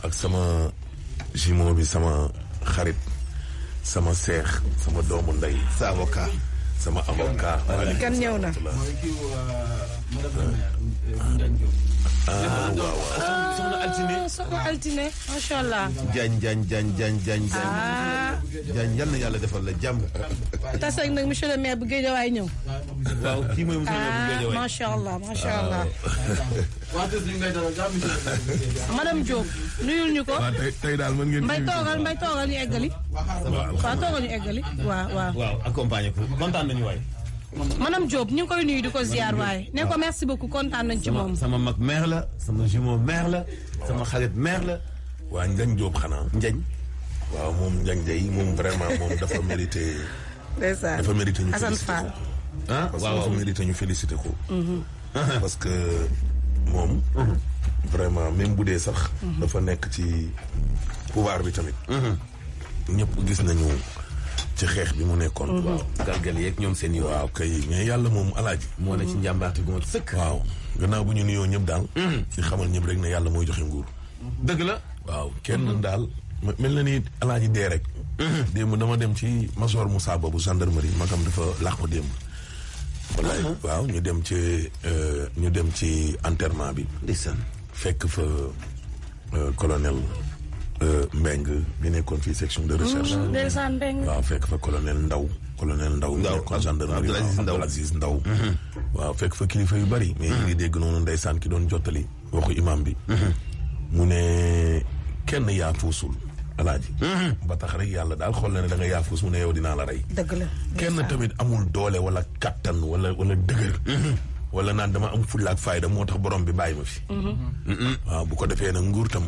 ak sama jumeau bi sama xarit sama seex sama doomu ndey. sa avocat. sama avocat. kan ñëw ah waaw waaw soxna altine soxna altine macha allah. jaañ jaañ jaañ jaañ jaañ. ah jaañ yal na yàlla defal la jàmm. tas ak nag monsieur le maire bu Guédiawaye ñëw. waaw kii mooy monsieur le maire bu ah, Guédiawaye. macha allah macha allah. madame Diop nuyul ñu ko. waaw tey tey daal mën ngeen. mbay toogal mbay toogal ñu eggali. waaw toogal ñu eggali waaw waaw. waaw accompagné ko kontaan nañu waay. manam Diop ñu ngi koy nuyu di ko ziar waaye ne ko ah. merci beaucoup kontaan ci moom. sama mag mère la sama jumeau mère la. sama xarit mère la. waa Ndiagne jóob xanaa Ndiagne. waaw moom Ndiagne day moom vraiment moom dafa mérité. ndeysaan dafa ah, ñu félicité ko ah waaw dafa ñu félicité ko. parce que moom. Mhm. vraiment même bu dee sax. Mhm. dafa nekk ci pouvoir bi tamit. Mhm. ñëpp gis nañu. ci xeex bi mu nekkoon. Mhm. waaw galgal yeeg ñoom seen yoon. waaw kay mais yàlla moom alaaji. moo ne ci njàmbaarte gu ma sëkk. waaw gannaaw bu ñu nuyoo ñëpp daal. ci mhm. xamal ñëpp rek na yàlla mooy joxe nguur. dëgg la. waaw kenn mhm. daal mel na ni alaaji dee rek. démb dama dem ci Masor Moussa boobu gendarmerie magam dafa làqu démb. wallaay waaw ñu dem ci euh, ñu dem ci enterment bi. ndeysaan fekk fa euh, colonel. Euh, Mbengue mi nekkoon fii section de recherche. Mm. ndeysaan Mbengue waaw fekk fa colonel Ndaw colonel Ndaw mi nekkoon gendarmerie Abdoul Aziz Ndaw mm-hmm. waaw yu bari mais ñu ngi mm-hmm. dégg noonu ndeysaan ki doon jottali waxu imam bi mm-hmm. mu ne kenn yaafuusul alaaji ba tax rek yàlla daal xool na ne yaafuus mu ne yow la rey dëgg la kenn tamit amul doole wala kattan wala wala dëgër wala naan dama am fulla ak fayda moo tax borom bi bàyyi ma fi waaw bu nguur tam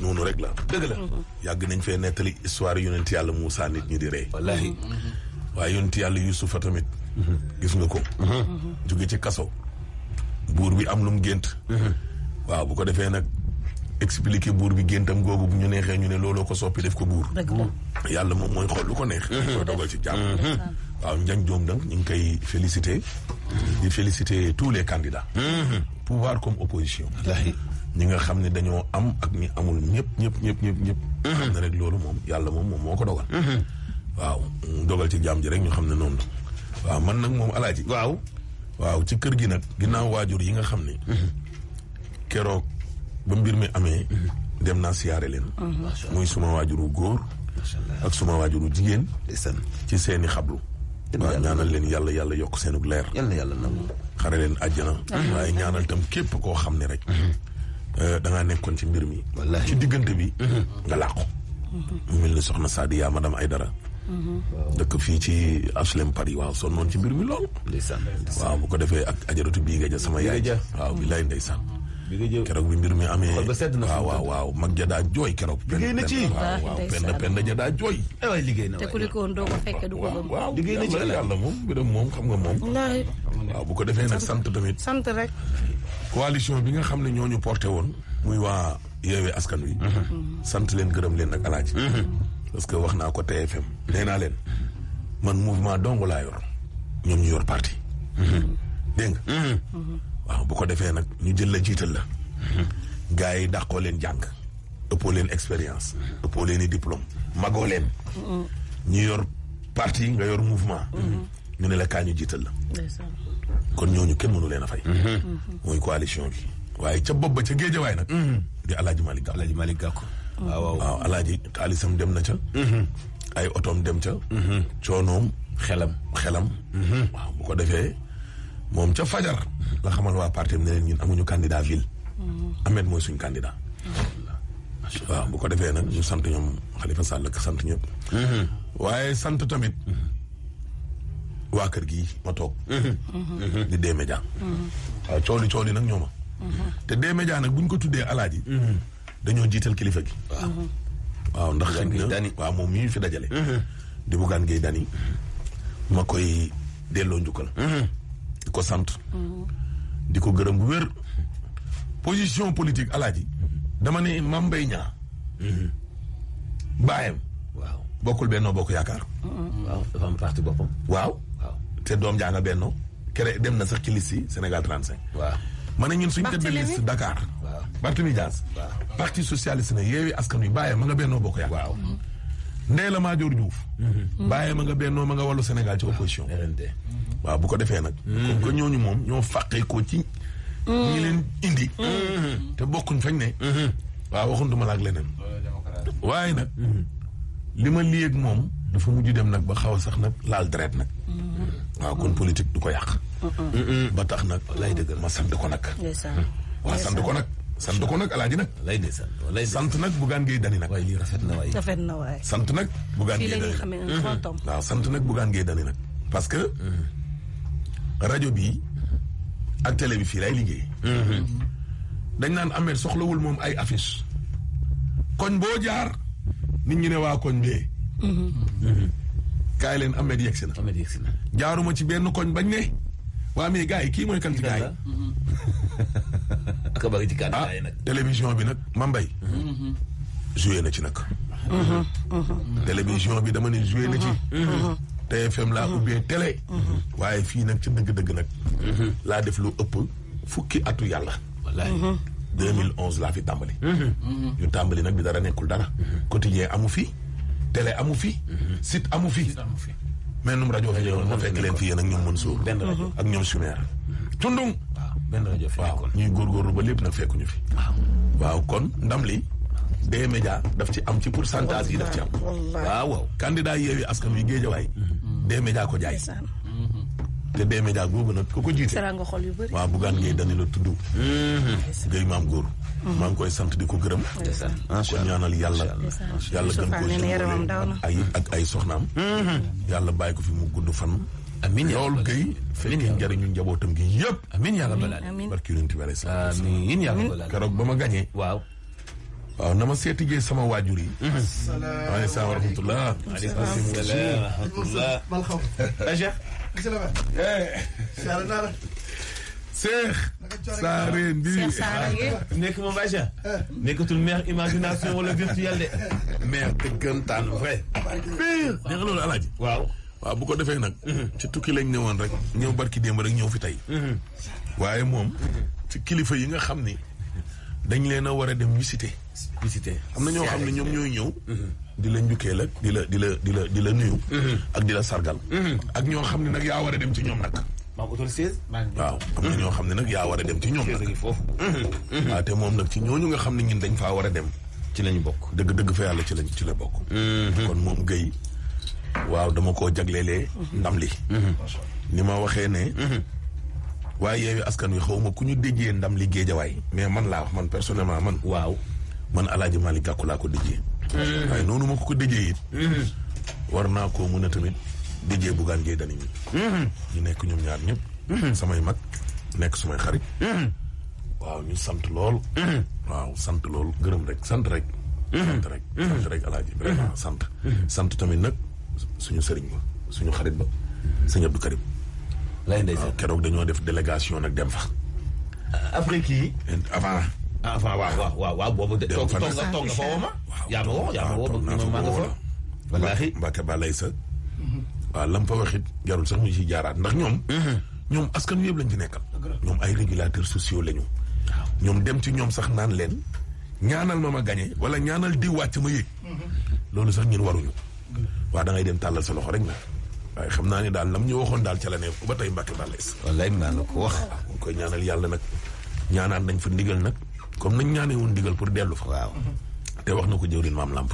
noonu rek la. dëgg la. yàgg nañ fee nettali histoire yonent yàlla Moussa nit ñi di rey. wallaahi. waaye yonent yàlla Yuusufa tamit. gis nga ko. jóge ci kaso. buur bi am lu mu gént. waaw bu ko defee nag expliquer buur bi géntam googu bu ñu neexee ñu ne looloo ko soppi def ko buur. yàlla moom mooy xool lu ko neex. ko mm-hmm. dogal ci jàmm. Mm-hmm. waaw Njang Diom nag ñu ngi koy féliciter. Mm-hmm. di féliciter tous les candidats. pouvoir comme opposition. ñi nga xam ne dañoo am ak ñi amul ñëpp ñëpp ñëpp ñëpp ñëpp mhm. xam ne rek loolu moom yàlla moom moom moo ko dogal mhm. waaw dogal ci jaam ji rek ñu xam ne noonu waaw man nag moom alaaji waaw waaw ci kër gi nag ginnaaw waajur yi nga xam ne mhm. keroog ba mbir mi amee dem naa siyaare leen muy suma waajuru góor ak suma waajuru jigéen ci seeni xablu waaw ñaanal leen yàlla yàlla yokk seenug leer yàlla yàlla nangu xare leen àjjana waaye ñaanal tam képp koo xam ne rek Euh, da nekkoon ci mbir mi. ci diggante bi. Mm-hmm. nga làqu. mu mel ni soxna Sadiya madame Aydara. Mm-hmm. fii ci HLM Paris waaw sonnoon ci mbir mi lool. waaw bu defee ak bii nga ja sama yaay. waaw bi laay ndeysaan. keroog bi mbir mi amee xol ba sedd na waaw waaw waaw mag ja daa jooy keroog. liggéey na ci waaw waaw penda penda ja daa jooy. aywa liggéey na waay te ku nekkoon doo ko fekke du ko gëm. waaw liggéey na ci yàlla moom mbiram moom xam nga moom. waaw bu ko defee nag sant tamit. sant rek. coalition bi nga xam ne ñoo ñu porté woon. muy waa yeewee askan wi. Mhm. sant leen gërëm leen nag alaaji. Mhm. parce que wax naa ko TFM. nee naa leen man mouvement dong laa yor. ñoom ñu yor parti. Mhm. dégg nga waaw bu ko defee nag ñu jël la jiital la. gars yi dàqoo leen jàng. ëppoo leen expérience. ëppoo leen i magoo leen. ñu yor parti nga yor mouvement. ñu ne la kaa ñu jiital la. kon ñooñu kenn mënu leen a fay. mooy coalition bi. waaye ca bopp ba ca géejawaay nag. di El Hadj Malick Gakou. El Hadj Malick Gakou. waaw waaw El Hadj dem na ca. ay otoom dem ca. Mhm. coonoom xelam xelam. Mhm. waaw ko defee. moom ca fajar la xamal waa parti ne leen ñun amuñu candidat ville. Mm-hmm. Ahmed mooy suñu candidat. Mm-hmm. waaw bu ko defee nag ñu sant ñoom Khalifa Sall ak sant ñëpp. Mm-hmm. waaye sant tamit. waa kër gi ma toog. di dee média. waaw cooli nag ñoo te dee média nag buñ ko tuddee alaaji. dañoo jiital kilifa gi. waaw ndax xëy na moom mii fi dajale. di Bougane Gueye Dany ma koy delloo njukkal. ko sant. di ko gërëm bu wér. position politique alaaji dama ne Mame Mbaye Niang. baayam. waaw bokkul bennoo bokk yaakaar. waaw boppam. waaw. te doom jaa nga bennoo. kere dem na sax ci liste yi Sénégal 35. waaw ma ne ñun suñu tëddee liste Dakar. waaw Barthélémy Dias. waaw parti socialiste na yeewi askan wi baayam ma nga bennoo bokk yaakaar. waaw Ndella Madior Diouf. Mhm. baayam ma nga bennoo ma nga wàllu Sénégal ci opposition. waaw bu ko defee nag. Mm-hmm. comme que ñooñu moom ñoo fàqee ci. ñi mm-hmm. leen indi. Mm-hmm. te bokkuñ fañ ne. waaw waxuntuma la ak leneen. waaye nag. li ma lii ak moom dafa mujj dem nag ba xaw a sax nag laal deret nag. waaw kon politique du ko yàq. ba tax nag lay dëgg ma sant ko nag. waaw sant ko nag. sant ko nag alaaji nag. lay de sant lay sant nag bugaan ngay dani nag. waaye lii rafet na waay rafet na waay. sant nag bugaan ngay dani fii la sant nag bugaan ngay dani nag parce que. rajo bi ak télé bi fii lay liggéey. Mhm. dañ naan Ameth soxlawul moom ay affiche koñ boo jaar nit ñi ne waa koñ bee. Mhm. kaay leen Ameth yegsi na. Ameth na jaaruma ci benn koñ bañ ne. waa mais gars kii mooy kan ci gars yi. ka bëgg ci candidat ah, yi bi nag Mambay. Mhm. joué na ci nag. télévision bi dama ne joué na ci. TFM laa mhm. ubbee télé. Mhm. waaye fii nag ci dëgg-dëgg nag. Mhm. laa def lu ëpp fukki atu yàlla. wallaahi 2011 laa fi tàmbali. ñu tàmbali nag bi dara nekkul dara. quotidien amu fi. télé amu fi. site amu fi. mais num rajo fi ma fekk leen fi yéen ak ñoom Mansour. benn rajo ak ñoom Sumer. Tundung. waaw benn rajo fi nekkoon waaw ñuy ba lépp nag fekkuñu fi. waaw kon ndam li. des médias daf ci am ci pourcentage yi daf ci am. waaw waaw candidat yeewi askan wi géejawaay. Mhm. Mhm. des médias ko jaay. te des médias googu nag ku ko jiite. saranga xol yu bëri. waaw la tudd. ngay maam góor. maa ngi koy sant di ko gërëm. ko ñaanal yàlla. yàlla gën koo jëmale ay ak ay soxnaam. Mhm. yàlla bàyyi ko fi mu gudd fan. amiin yaa rabbal aalamiin loolu Guèye fekkee njëriñu njabootam gi yëpp. amiin yaa rabbal aalamiin barki yonent bi alayhi salaam. amiin keroog ba ma gañee waaw na ma seeti jee sama waajur yi. Mhm. asalaamaaleykum wa rahmatulah. asalaamaaleykum. Eh. Cheikh Saare Mbiri Cheikh Saare Mbiri. nekk moom Aïcha. Eh. nekkatul mère imagination wala virtuelle de. Eh. mère dëggantaan vrai. pire dégg nga loolu alaaji. waaw waaw bu ko defee nag. Mhm. ci tukki lañ ñëwoon rek. ñëw barki démb rek ñëw fi tey. Mhm. waaye moom. ci kilifa yi nga xam ni. dañ leen a war a dem visiter. visiter am na ñoo xam ne ñoom ñooy ñëw. di la njukkeel ak di la di la di la di la nuyu. ak di la sargal. ak ñoo xam ne nag yaa war a dem ci ñoom nag. maa ngi waaw am na ñoo xam ne nag yaa war a dem ci ñoom foofu. waaw te moom nag ci ñooñu nga xam ne ñun dañ faa war a dem. ci lañu bokk dëgg dëgg fa yàlla ci lañ ci la bokk. Mhm. kon moom Guèye waaw dama koo jaglelee. ndam li. Mhm. ni ma waxee ne. Mhm. waaye yeewi askan wi xaw ma ku ñu déjee ndam liggéey géejawaay mais man laa wax man personnellement man. waaw man Alaaji Malick Gakou laa ko déjee. Mm-hmm. waaye noonu ma ko ko déjee it. Mm-hmm. war naa koo mën a tamit déjee Bougane Gueye Dany ñi mm-hmm. ñu nekk ñoom ñaar ñëpp. samay mag nekk sumay xarit. waaw ñu sant lool. waaw sant lool gërëm rek sant rek. sant rek sant rek Alaaji sant. sant tamit nag suñu sëriñ ba suñu xarit ba sëñ Abdou Karim. lay ndeysaan keroog dañoo def délégation nag dem fa. après kii. avant. avant ah, waaw waaw waaw waaw boobu de. toog nga toog fa woo ma. yaa ma woo yaa ma woo ma ma nga fa. wallaahi Mbacke Ba lay sa. Mhm. waaw lam fa waxit jarul sax mu ci jaaraat ndax ñoom. Mhm. ñoom askan wi yëpp lañ fi nekkal. ñoom ay régulateurs sociaux lañu. ñoom dem ci ñoom sax naan leen. ñaanal ma ma gañe wala ñaanal di wàcc ma yéeg. Mhm. loolu sax ñun waruñu. waa da ngay dem tàllal sa loxo rek la. waaye xam naa ne daal lam ñu waxoon daal ca la ne ba tey Mbàkke daal lees. wallaay naa la ko wax. Ah, koy ñaanal yàlla nag ñaanaat nañ fa ndigal nag comme nañ ñaanee woon ndigal pour dellu fa. waaw te wax na ko jëwriñ maam làmp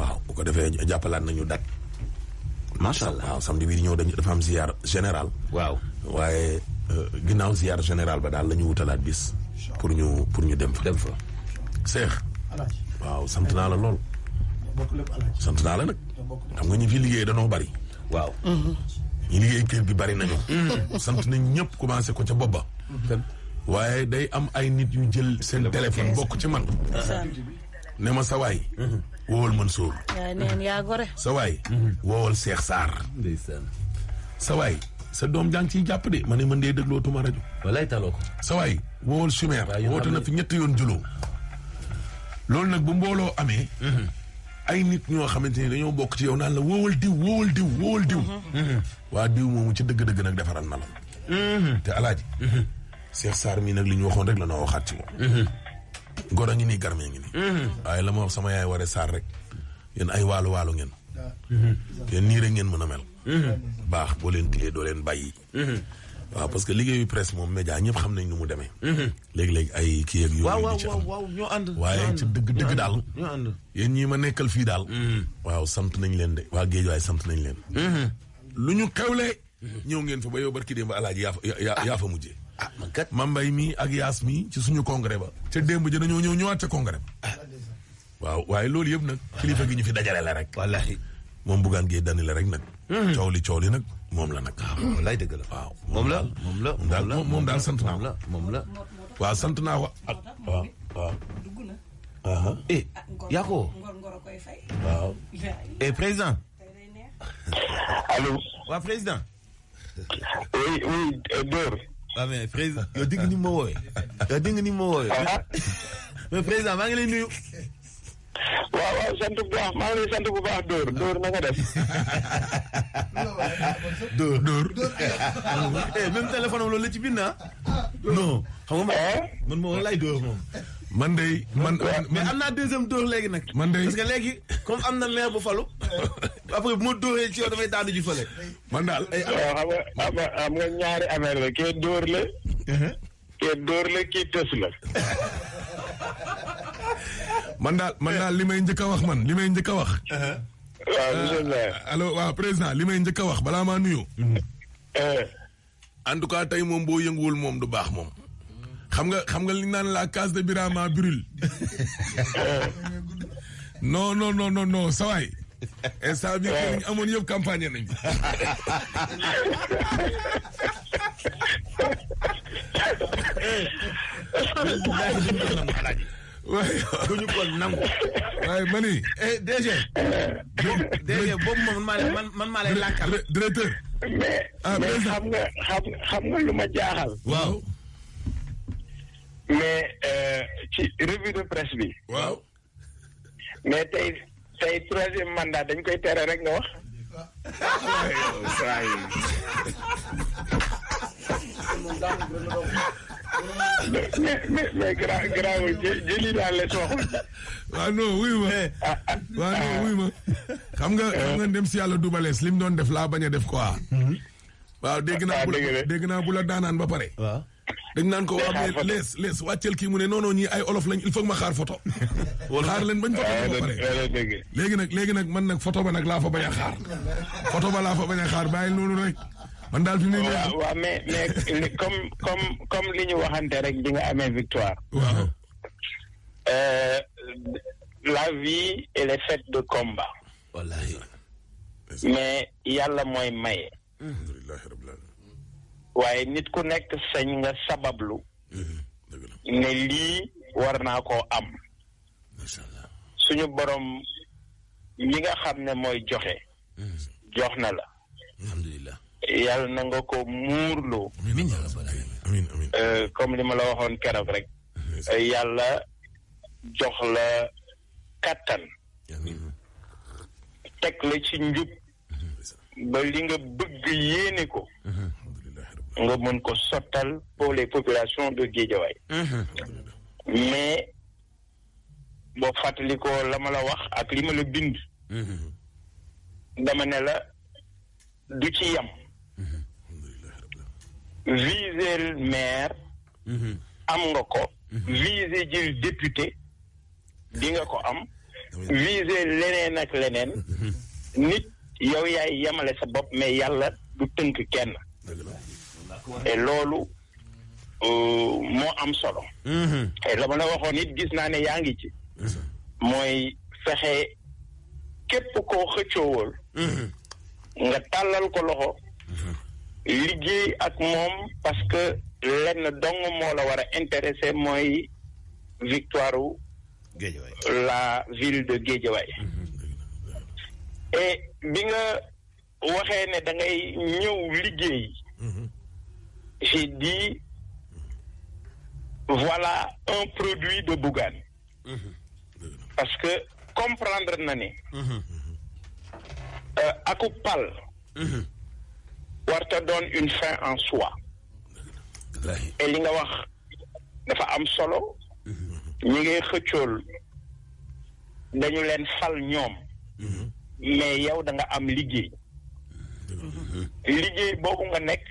waaw bu ko defee jàppalaat nañu dat. macha allah waaw samedi bii di ñëw dañu dafa am ziar général. waaw waaye euh, ginnaaw ziar général ba daal la ñu wutalaat bis. pour ñu pour ñu dem fa. dem fa Seex. waaw sant naa la lool. sant naa la nag. xam nga ñi fi liggéey danoo bari. waaw. ñu liggéey kër gi bari nañu. Mm-hmm. sant nañ ñëpp commencé ko ca booba mm-hmm. waaye day am ay nit yu jël seen téléphone bokk ci man. Mm-hmm. ne ma sa waay. woowal Mansour. yaa neen yaa gore. sa woowal Cheikh Sarr. ndeysaan. sa waay sa doom jàng ciy jàpp de ma ne man dee déglootuma rajo. walaay taloo ko. sa waay woowal Chumère. woote na fi ñetti yoon juloo. loolu nag bu mbooloo amee. ay nit ñoo xamante ni dañoo bokk ci yow naan la wóowal diw wool diw wool diw. Mm-hmm. waa diw moomu ci dëgg-dëgg nag defaral na la. Mm-hmm. te alaaji. Mm-hmm. Cheikh Sarr mii nag li ñu waxoon rek la noo waxaat ci moom. góor a ngi garmee ngi nii. la ma sama yaay waree saar rek yéen ay waalu waalo ngeen. yéen nii rek ngeen mën a mel. baax boo leen téye doo leen bàyyi. waaw parce que liggéeyu presse moom média ñëpp xam nañ nu mu demee. Mhm. léegi-léegi ay kii ak yu. waaw ci ñoo ànd waaye ci dëgg dëgg daal. ñoo yéen ñii ma nekkal fii daal. Mhm. waaw sant nañ leen de waa géej waaye sant nañ leen. Mhm. lu ñu xewlee. ñëw ngeen fa ba yow barki démb alaaji yaa fa yaa fa mujjee. ah man kat Mambay mi ak Yaas mi ci suñu congrès ba. ca démb ja ñoo ñëw ñëwaat ca congrès ba. Ah. waaw waaye loolu yëpp nag. kilifa gi ñu fi dajale la rek. wallaahi moom bugaan gee dani la rek nag. coow li coow moom la nag. Ah, waaw lay dëgg la moom la moom la moom daal moom daal sant naa ko. la waa sant naa ko ak. waaw waaw. Eh, président. allo. waa président. oui oui euh, Dóor. waaw mais président yow dégg ni ma wooyee. yow dégg ni ma wooyee. Ah. mais président maa ngi lay waaw waaw sant bu baax maa ngi lay sant bu baax Dóor Dóor na nga def. Dóor Dóor. Eh, même téléphone loolu la ci bind ah. Ah, non xam man eh? moom lay Dóor moom. man de man mais am naa deuxième dóor léegi nag. man de parce que léegi comme am na leer bu falu. après bu ma dóoree ci yow damay daanu ji man daal ay am nga ñaari affaire la kii dóor la. Uh-huh. kii dóor la kii tës la. man daal man daal li may njëkk a wax man li may njëkk a wax. Uh-huh. alo uh, allo waaw président li may njëkk a wax balaa maa nuyu. Uh-huh. en tout cas tey moom boo yënguwul moom du baax moom. xam nga xam nga li naan la case de Birama brûle. Uh-huh. non non non non non sawaay. instant bi ko ñu amoon yëpp campagne nañ waaye duñu ko nangu. waaye mani. Eh, DG. DG boobu moom man maa man maa lay làkkal. directeur. ah mais xam nga xam nga lu ma jaaxal. waaw. mais euh, ci revue de presse bi. waaw. mais tey tey troisième mandat dañ koy tere rek nga wax. mais mais mais wuy ma ah, ah, waaw nga xam nga dem si yàlla dubalees li mu doon def laa bañ a def ko waaw dégg naa ah, bu la dégg naa bu la daanaan ba pare. waaw dañ naan ko waa mais lees lees wàcceel kii mu ne non non ay olof lañ il faut ma xaar photo. wala xaar leen bañ ba pare léegi nag léegi nag man nag photo ba nag laa fa bañ a xaar. photo ba laa bañ a xaar bàyyi noonu rek. man daal fi mu ne waaw mais comme comme comme li waxante rek di nga amee victoire. waaw. Euh, la vie elle est faite de combat. wallaahi. mais yàlla mooy maye. alhamdulilah waaye nit ku nekk sañ nga sabablu. ne lii war naa koo am. suñu borom ñi nga xam ne mooy joxe. Mm. jox na la. yàlla na nga ko muurloo. amiin euh, comme li ma la waxoon keroog rek. Euh, yàlla jox la kattan. teg la ci njub. Mm-hmm. ba li nga bëgg yéene ko. Mm-hmm. nga mën ko sottal pour les populations de Guédiawaye. Mm-hmm. mais boo fàttali ko la ma la wax ak li ma la bind. dama ne la du ci yam. viseel maire. Mhm. am nga ko. Mhm. visé jël député di nga ko am. visé leneen ak leneen. Mhm. nit yow yaay yemale sa bopp mais yàlla du tënk kenn. et loolu euh, moo am solo. et la ma la nit it gis naa ne yaa ngi ci. mooy fexe képp koo xëccoowool. nga tàllal ko loxo. liggéey ak moom parce que lenn dong moo la war intéressé mooy victoire u la ville de Guédiawaye mhm. et bi nga waxee ne da ngay ñëw liggéey mhm. j'ai dit voilà un produit de Bougane mhm. parce que comprendre na ne euh, akuk pal warta doon une fin en soi et li nga wax dafa am solo mhm. ñi ngay xëccool dañu leen fal ñoom mhm. mais yow da nga am liggéey mhm. liggéey boobu nga nekk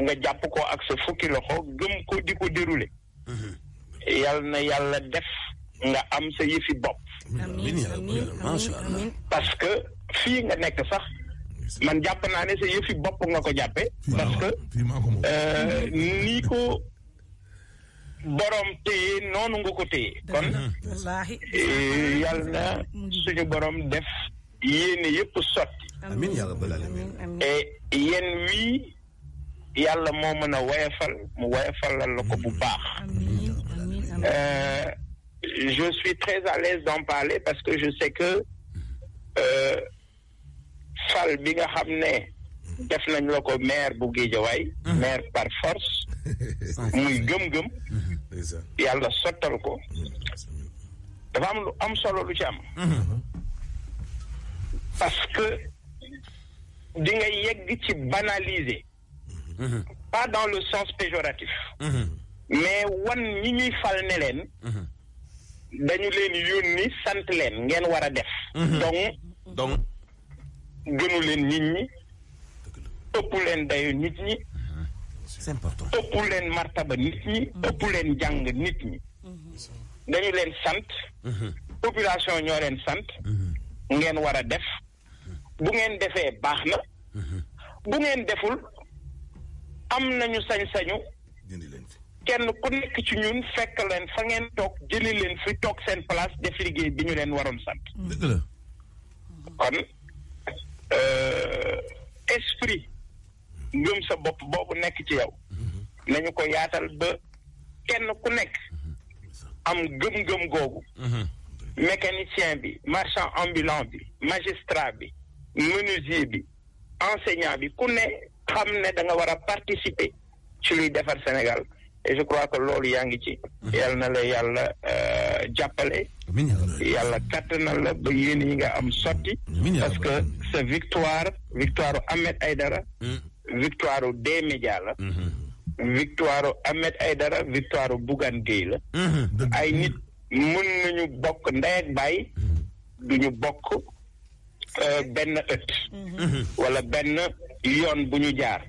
nga jàpp ko ak sa fukki loxo gëm ko di ko déroulé yal na yàlla def nga am sa yëfi bopp parce que fii nga nekk sax man jàpp naa ne sa yëfi bopp nga ko jàppe parce que nii euh, ko borom téye noonu nga ko téye kon eh, yàlla na borom def yéene yëpp sotti amiin yaa rabbal aalamiin eh, yéen wii yàlla moo mën a woyafal mu woyafalal la ko bu baax euh, je suis très à l'aise d'en parler parce que je sais que euh, fal bi nga xam ne def nañ la ko maire bu Guédiawaye mhm. maire par force muy gëm-gëm yàlla sottal ko dafa am lu am solo lu ci am mhm. parce que di nga yegg ci banaliser mhm. pas dans le sens péjoratif mais wan ñi ñuy fal ne leen dañu leen yónni sant leen ngeen war a def donc gënu leen nit ñi ëpp leen dayo nit ñi c'est ëpp leen martaba nit ñi ëpp mmh. leen jàng nit ñi mmh. dañu leen sant mmh. population ñoo leen sant ngeen war a def bu ngeen defee baax na bu ngeen deful am nañu sañ-sañu kenn ku nekk ci ñun fekk leen fa ngeen toog jëli leen fi toog seen place def liggéey bi ñu leen waroon sant kon Euh, esprit ngëm sa bopp boobu nekk ci yow mhm. nañu ko yaatal ba kenn ku nekk mhm. am gëm-gëm googu mhm. mécanicien bi marchand ambulant bi magistrat bi menuisier bi enseignant bi ku ne xam ne danga nga war a participer ci luy defar Sénégal et je crois que loolu yaa ngi ci mhm. yal na la yàlla euh, jàppale yàlla kattanal la ba yéen yi nga am sotti parce que sa victoire victoire mhm. mhm. Ahmed Aidara victoire u D-Média la victoire Ahmed Aidara victoire Bougane Gueye la ay nit mën nañu bokk ndey ak baay duñu bokk euh, benn ëtt wala benn yoon bu ñu jaar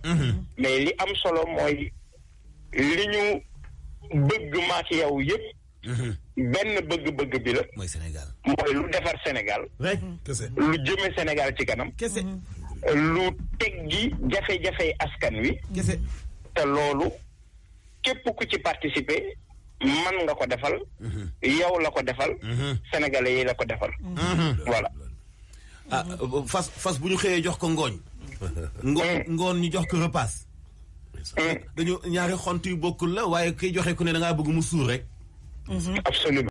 mais li am solo mooy li ñu bëgg maak yow yëpp. Mhm. benn bëgg-bëgg bi la. mooy Sénégal mooy lu defar Sénégal. rek kese lu jëme Sénégal ci kanam. kese mhm. lu gi jafe-jafey askan wi. kese te loolu képp ku ci participer man nga ko defal. Mhm. yow la ko defal. sénégalais yi la ko defal. voilà. ah fas fas bu ñu xëyee jox ko ngooñ. ngoon ngoon ñu jox ko repas. Eh. dañu ñaari xont yu bokkul la waaye kiy joxe ku ne da ngaa bëgg mu suur rek. Mm-hmm. absolument.